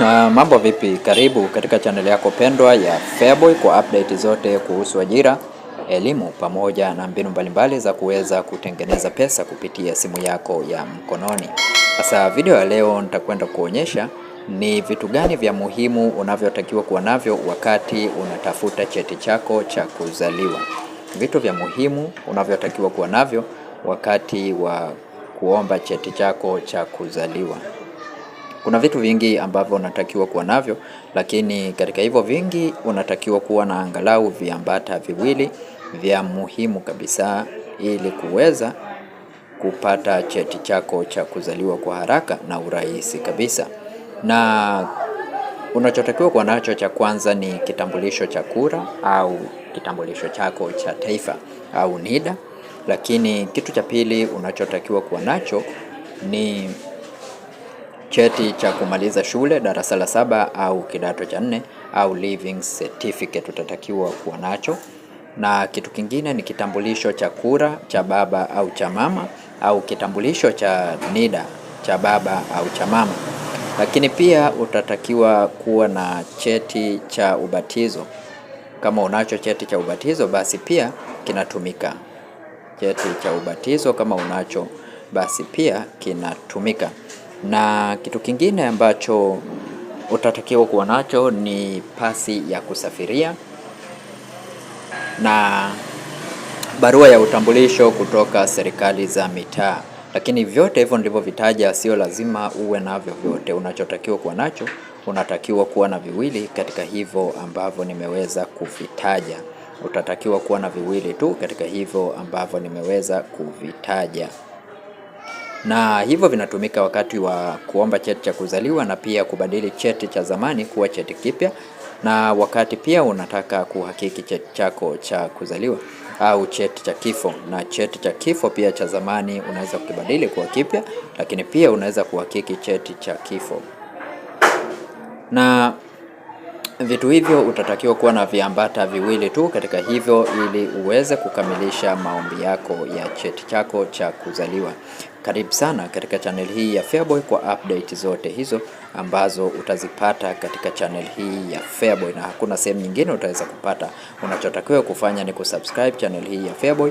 Uh, mambo vipi? Karibu katika chaneli yako pendwa ya Feaboy kwa update zote kuhusu ajira, elimu pamoja na mbinu mbalimbali za kuweza kutengeneza pesa kupitia simu yako ya mkononi. Sasa video ya leo nitakwenda kuonyesha ni vitu gani vya muhimu unavyotakiwa kuwa navyo wakati unatafuta cheti chako cha kuzaliwa. Vitu vya muhimu unavyotakiwa kuwa navyo wakati wa kuomba cheti chako cha kuzaliwa. Kuna vitu vingi ambavyo unatakiwa kuwa navyo, lakini katika hivyo vingi unatakiwa kuwa na angalau viambata viwili vya muhimu kabisa ili kuweza kupata cheti chako cha kuzaliwa kwa haraka na urahisi kabisa. Na unachotakiwa kuwa nacho cha kwanza ni kitambulisho cha kura au kitambulisho chako cha taifa au NIDA, lakini kitu cha pili unachotakiwa kuwa nacho ni cheti cha kumaliza shule darasa la saba au kidato cha nne au leaving certificate utatakiwa kuwa nacho, na kitu kingine ni kitambulisho cha kura cha baba au cha mama au kitambulisho cha NIDA cha baba au cha mama. Lakini pia utatakiwa kuwa na cheti cha ubatizo. Kama unacho cheti cha ubatizo, basi pia kinatumika. Cheti cha ubatizo kama unacho, basi pia kinatumika. Na kitu kingine ambacho utatakiwa kuwa nacho ni pasi ya kusafiria na barua ya utambulisho kutoka serikali za mitaa. Lakini vyote hivyo nilivyovitaja sio lazima uwe navyo vyote. Unachotakiwa kuwa nacho, unatakiwa kuwa na viwili katika hivyo ambavyo nimeweza kuvitaja. Utatakiwa kuwa na viwili tu katika hivyo ambavyo nimeweza kuvitaja na hivyo vinatumika wakati wa kuomba cheti cha kuzaliwa na pia kubadili cheti cha zamani kuwa cheti kipya, na wakati pia unataka kuhakiki cheti chako cha kuzaliwa au cheti cha kifo. Na cheti cha kifo pia cha zamani unaweza kukibadili kuwa kipya, lakini pia unaweza kuhakiki cheti cha kifo. Na vitu hivyo utatakiwa kuwa na viambata viwili tu katika hivyo, ili uweze kukamilisha maombi yako ya cheti chako cha kuzaliwa. Karibu sana katika channel hii ya Feaboy kwa update zote hizo ambazo utazipata katika channel hii ya Feaboy na hakuna sehemu nyingine utaweza kupata. Unachotakiwa kufanya ni kusubscribe channel hii ya Feaboy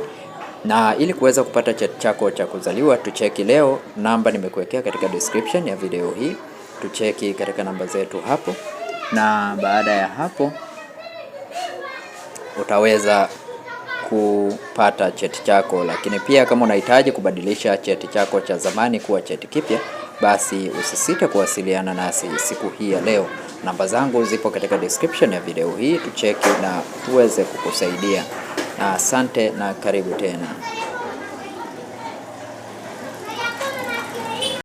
na ili kuweza kupata cheti chako cha kuzaliwa, tucheki leo. Namba nimekuwekea katika description ya video hii, tucheki katika namba zetu hapo, na baada ya hapo utaweza kupata cheti chako. Lakini pia kama unahitaji kubadilisha cheti chako cha zamani kuwa cheti kipya, basi usisite kuwasiliana nasi siku hii ya leo. Namba zangu zipo katika description ya video hii, tucheki na tuweze kukusaidia. Asante na karibu tena.